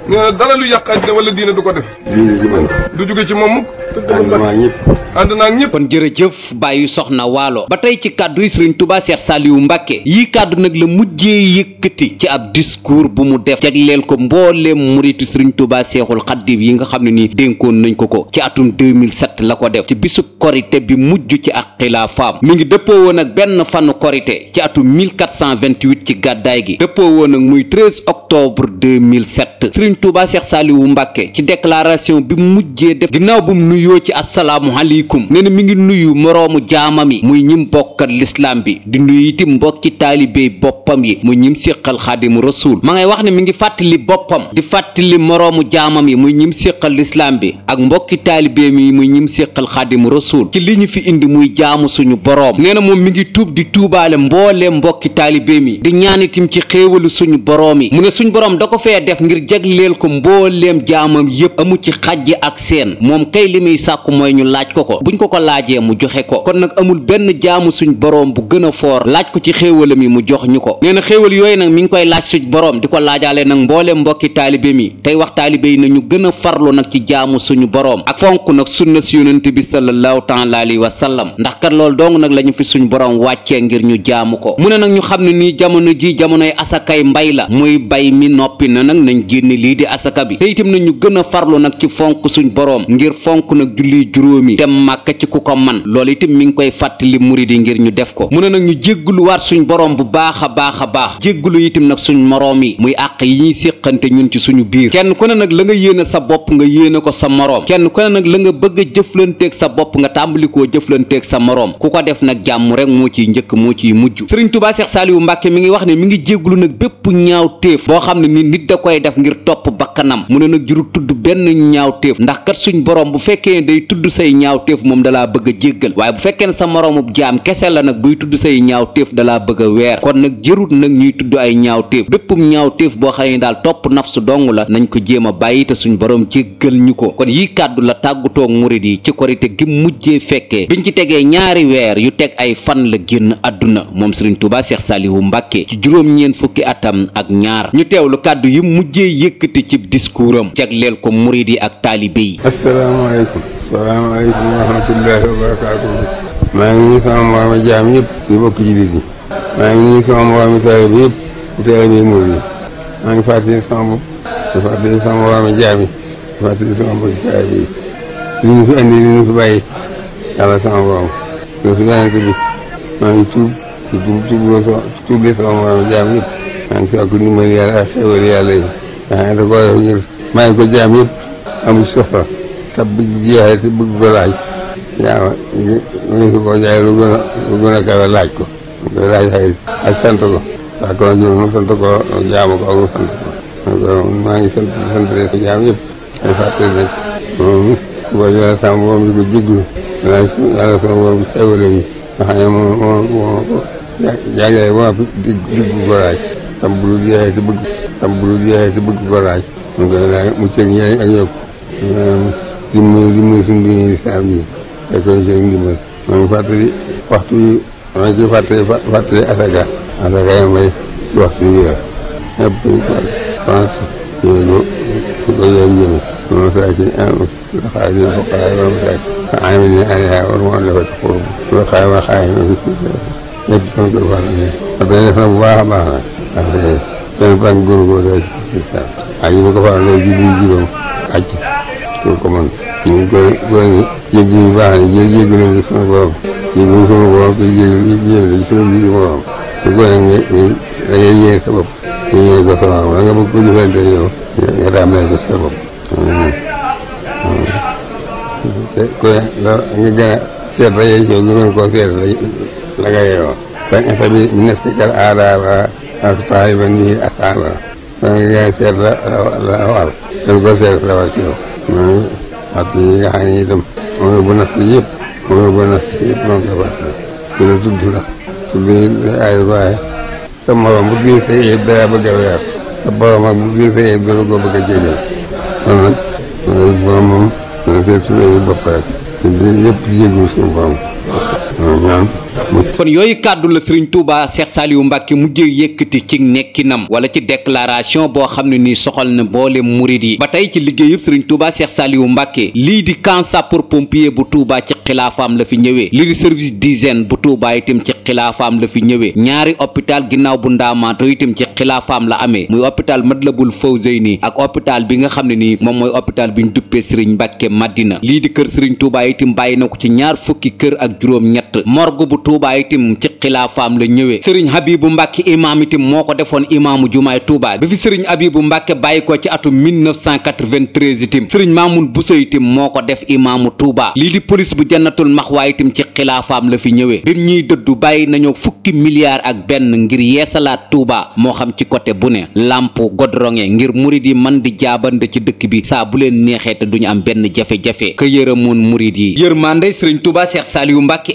loo wala diine du ko du jóge ci moom mukk. ànd naa ñëpp. ànd naa ñëpp. kon jërëjëf bàyyi soxna waalo ba tey ci kàddu yi sëriñ Tuubaa Seex Saaliwu Mbàkke yi kàddu nag la mujjee yëkkati ci ab discours bu mu def jagleel ko mbooleem muritu sëriñ Tuubaa Seexul Xaddim yi nga xam ne nii dénkoon nañ ko ko ci atum 2007 la ko def ci bisub korite bi mujj ci ak xilaafaam mi ngi dëppoo woon ak benn fanu korite ci atum 1428 ci gàddaay gi dëppoo woon ak muy 13 octobre 2007 Serigne Touba Cheikh Saliou Mbacké ci déclaration bi mu mujjee def ginnaaw bu mu nuyoo ci assalaamu aleykum nee na mi ngi nuyu moroomu jaamam yi muy ñim bokkat lislaam bi di nuyu itam mbokki taalibey boppam yi mu ñim séqal xaadimu rasuul ma ngay wax ne mi ngi fàttali boppam di fàttali moroomu jaamam yi muy ñim séqal lislaam bi ak mbokki taalibeem yi muy ñim séqal xaadimu rasuul ci li ñu fi indi muy jaamu suñu boroom nee na moom mi ngi tuub di tuubaale mboolee mbokki taalibeem xéewalu suñu boroom yi mu ne suñu boroom da ko fee def ngir leel ko mbooleem jaamam yépp amu ci xajj ak seen moom kay li muy sàkku mooy ñu laaj ko ko buñ ko ko laajee mu joxe ko kon nag amul benn jaamu suñ boroom bu gën a foor laaj ko ci xéewalam yi mu jox ñu ko nee na xéewal yooyu nag mi ngi koy laaj suñ boroom di ko laajaale nag mbooleem mbokki taalibe mi tey wax taalibe yi na ñu gën a farlu nag ci jaamu suñu boroom ak fonk nag sunna si yonent bi sallallahu taala alayhi wa sallam ndax kat loolu dong nag lañu fi suñ boroom wàccee ngir ñu jaamu ko mu asakay mbay la muy bay mi noppi na nag nañ génne lii di asaka bi te itam na ñu gën a farlu nag ci fonk suñu boroom ngir fonk nag julli juróomi dem màkka ci ku ko man loolu itam mi ngi koy fàttali murid di ngir ñu def ko mu ne nag ñu jégguluwaat suñu boroom bu baax a baax a baax jéggulu itam nag suñu moroom yi muy àq yi ñuy séqante ñun ci suñu biir kenn ku ne nag la nga yéene sa bopp nga yéene ko sa moroom kenn ku ne nag la nga bëgg jëflanteek sa bopp nga tàmbalikoo jëflanteeg sa moroom ku ko def nag jàmm moo ciy njëkk moo ciy mujj nag bépp ñaaw téef boo xam ne mi nit da koy def ngir topp bakkanam mu ne nag jurul tudd benn ñaaw téef ndax kat suñ borom bu fekkee ne day tudd say ñaaw téef moom dalaa bëgg a jéggal waaye bu fekkee sa moroomu jaam kese la nag buy tudd say ñaaw dalaa bëgg a weer kon nag jërut nag ñuy tudd ay ñaaw téef béppum ñaaw téef boo xam ne daal topp su dong la nañ ko jéem a bàyyi te suñ borom jéggal ñu ko kon yii kàddu la tàggutoog murid yi ci korite gi mujjee fekkee bi ñu ci tegee ñaari weer yu teg ay fan la génn àdduna moom Sëriñ Tuubaa Seex Saaliwu Mbàkke fukki atam ak ñaar ñu teewlu kàddu yi mujjee yëkkati ci discours am jagleel ko murid yi ak taalibe yi. asalaamaaleykum. asalaamaaleykum wa rahmatullaahi wa barakaatuh. maa ngi nuyu sama mbooloo mi jaam yëpp ñu bokk ci biir yi maa ngi nuyu sama mbooloo mi taalibe yëpp ñu taalibe maa ngi fàttali sama bopp di fàttali sama sama mbokki taalibe ñu fi sama borom li ñu fi sama mbooloo mi jaam maa ngi yokk ndimbal yàlla ak xéwal yàlla yi maa ngi da koo def ngir maa ngi ko jaam yëpp amul soxla tab bi jeexee te bëgg ko laaj yaa ngi fi koo jaay lu gën a lu gën a kawe laaj ko lu koy laaj xëy ak sant ko saa ko jël mu sant ko jaamu ko ak mu sant ko maa ngi sant sant ko jaam yëpp ay fàtte nag moom boo yàlla sama borom di ko jégalu yàlla sama borom xéwale yi nga xam ne moom moom moo ko jàngale ba digg digg ko laaj tam bu dul jeexee te bëgg tam bu dul jeexee ko laaj mu koy laaj mu yokk dimbali dimbali suñu diine lislaam yi fekkoon ceeg ndimbal maa ngi fàttali waxtu yi maa ngi ciy fàttali fàttali asaka asaka yi may waxtu yi la ñëpp pense yooyu su ko yoon jëme loolu saa ci xaalis yi foqaay loolu saa ci عامل ak réer benn bànq góor-góor rek ak ñu ko faral di julli juróom àcc ñu ko mën ñu ngi koy góor yëg yu baax ne yëg sunu borom yëg leen sunu borom te yëg yëg leen sunu te gone nga da ngay yéene ko sa borom nga bëgg ko jëfante yow nga daamee nga gën a seet la yow nga gën koo seet la nga yeewoo. ak taayiban bi asaaba maa ngi yaay seet la la war ten ko seet war ci yow maa ngi fàttali ñi nga xam ne itam moo yóbbu nas yi yëpp moo yóbbu nas yi yëpp moo ngi koy fàttali di la tudd la tudd ay waaye sa morom bu gis sa yëpp dara bëgg a weer sa borom bu gis sa yëpp dara ko bëgg a jégal kon nag moom moom dana seet suñu bopp rek yëpp jéggul kon yooyu kàddu la sëriñ Touba Cheikh Saliou Mbacke mujjee yëkkati ci nekkinam wala ci déclaration boo xam ne nii soxal na boole murid yi ba tey ci liggéeyub sëriñ Touba Cheikh Saliou Mbacke lii di camp sapeur pompier bu Touba ci xilaafaam la fi ñëwee li di service d'hygiène bu Touba itam ci xilaafaam la fi ñëwee ñaari hôpital ginnaaw bu ndaamaato itam ci xilaafaam la amee muy hôpital Matlaboul Fawzeyni ak hôpital bi nga xam ne nii moom mooy hôpital bi ñu duppee Serigne Mbacke Madina lii di kër Serigne Touba itam bàyyi na ko ci ñaar fukki kër ak juróom ñett morgue bu Touba itam ci xilaafaam la ñëwee sëriñ habibu mbàkke imaam itam moo ko defoon imaamu jumaay tuubaa bi fi sëriñ habibu mbàkke bàyyi ko ci atum 1993 itam sëriñ maamun buso itam moo ko def imaamu tuubaa lii di police bu jannatul maxwaa itam ci xilaafaam la fi ñëwee bi ñuy dëddu bàyyi nañu fukki milliards ak benn ngir yeesalaat tuubaa moo xam ci côté bu ne lamp godronge ngir murid yi man di jaabande ci dëkk bi saa bu leen neexee te duñu am benn jafe-jafe ka yërëmoon murid yi yërmande sëriñ tuubaa seex saaliyu mbàkke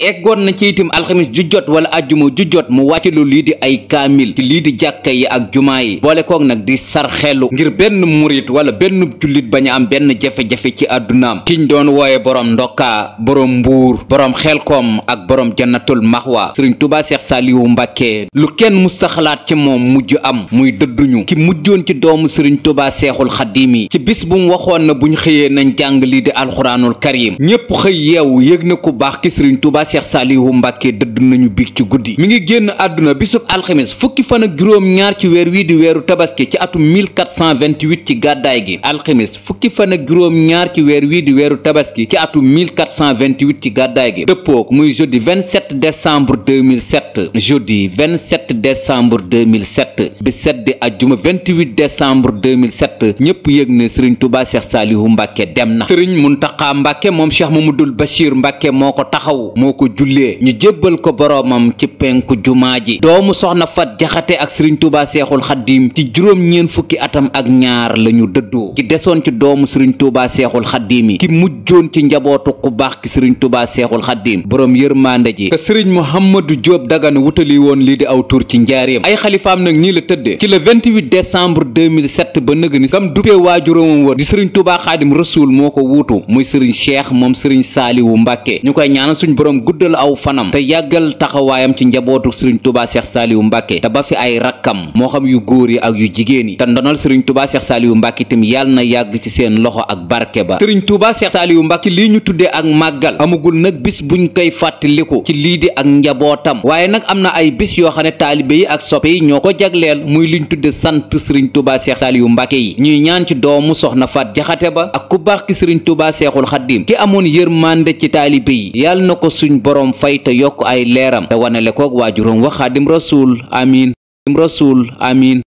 ajjuma ju jot mu wàccilu lii di ay kaamil ci lii di jàkka yi ak jumaa yi boole kook nag di sarxelu ngir benn murit wala benn jullit bañ a am benn jafe-jafe ci àddunaam kiñ doon wooye boroom ndokka boroom mbuur boroom koom ak boroom jannatul maxwa sëriñ tubaa seex saaliwu mbàkke lu kenn musta xalaat ci moom mujj am muy dëdduñu ki mujjoon ci doomu sëriñ tubaa seexul xaddiim yi ci bis bu waxoon na buñ xëyee nañ jàng lii di alxuraanul karim ñépp xëy yeewu yëg na ku baax ki sëriñ tubaa seex saaliwu mbàkke dëdd nañu biig ci guddi mi ngi génn àdduna bisub alxamis fukki fan ak ñaar ci weer wii di weeru tabaski ci atum 1428 ci gàddaay gi alxamis fukki fan ak juróom ñaar ci weer wii di weeru tabaski ci atum 1428 ci gàddaay gi dëppook muy jeudi 27 décembre 2007 jeudi 27 décembre 2007 bi set di ajjuma 28 décembre 2007 ñëpp yëg ne sëriñ Touba Cheikh Salihu Mbacke dem na mun Muntaqa Mbacke moom Cheikh Mamadul Bachir Mbacke moo ko taxaw moo ko jullee ñu jébbal ko boroomam ci penku jumaa ji doomu soxna fat jaxate ak sëriñ tuuba seexul xaddim ci juróom ñeen fukki atam ak ñaar lañu dëddoo ki desoon ci doomu sëriñ tuuba seexul xaddim yi ki mujjoon ci njabootu ku baax ki sëriñ tuuba seexul xaddim boroom yërmande ji te sëriñ muhammadu jóob dagana wutali woon lii di aw tur ci njaareem ay xalifaam nag ñii la tëddee ci le 28 décembre 2007 ba nëg ni kam duppee waajuróomam wa di sëriñ tuuba xaadim rasuul moo ko wuutu muy sëriñ cheikh moom sëriñ saaliwu mbàkke ñu koy ñaanal suñ boroom guddal aw fanam yam ci njabootu sëriñ tubaa yu góor yi ak yu jigéen yi te ndonal sëriñ tubaa seex saaliwu mbàkke itam yàlla na yàgg ci seen loxo ak barke ba sëriñ tubaa seex saaliwu mbàkke lii ñu tuddee ak màggal amugul nag ci lii ak njabootam waaye nag am na ay bis yoo xam ne taalibe yi ak soppe ñoo ko jagleel muy liñ tudde sant sëriñ tubaa seex saaliwu mbàkke yi ñuy ñaan ci doomu soxna faat jaxate ba ak ku baax ki sëriñ tubaa seexul xaddim ki amoon yërmande ci taalibe yi yàlla na ko suñ borom fay te yokk ay leeram wanale koog waajuram wa xaadim rasul amin rasul amin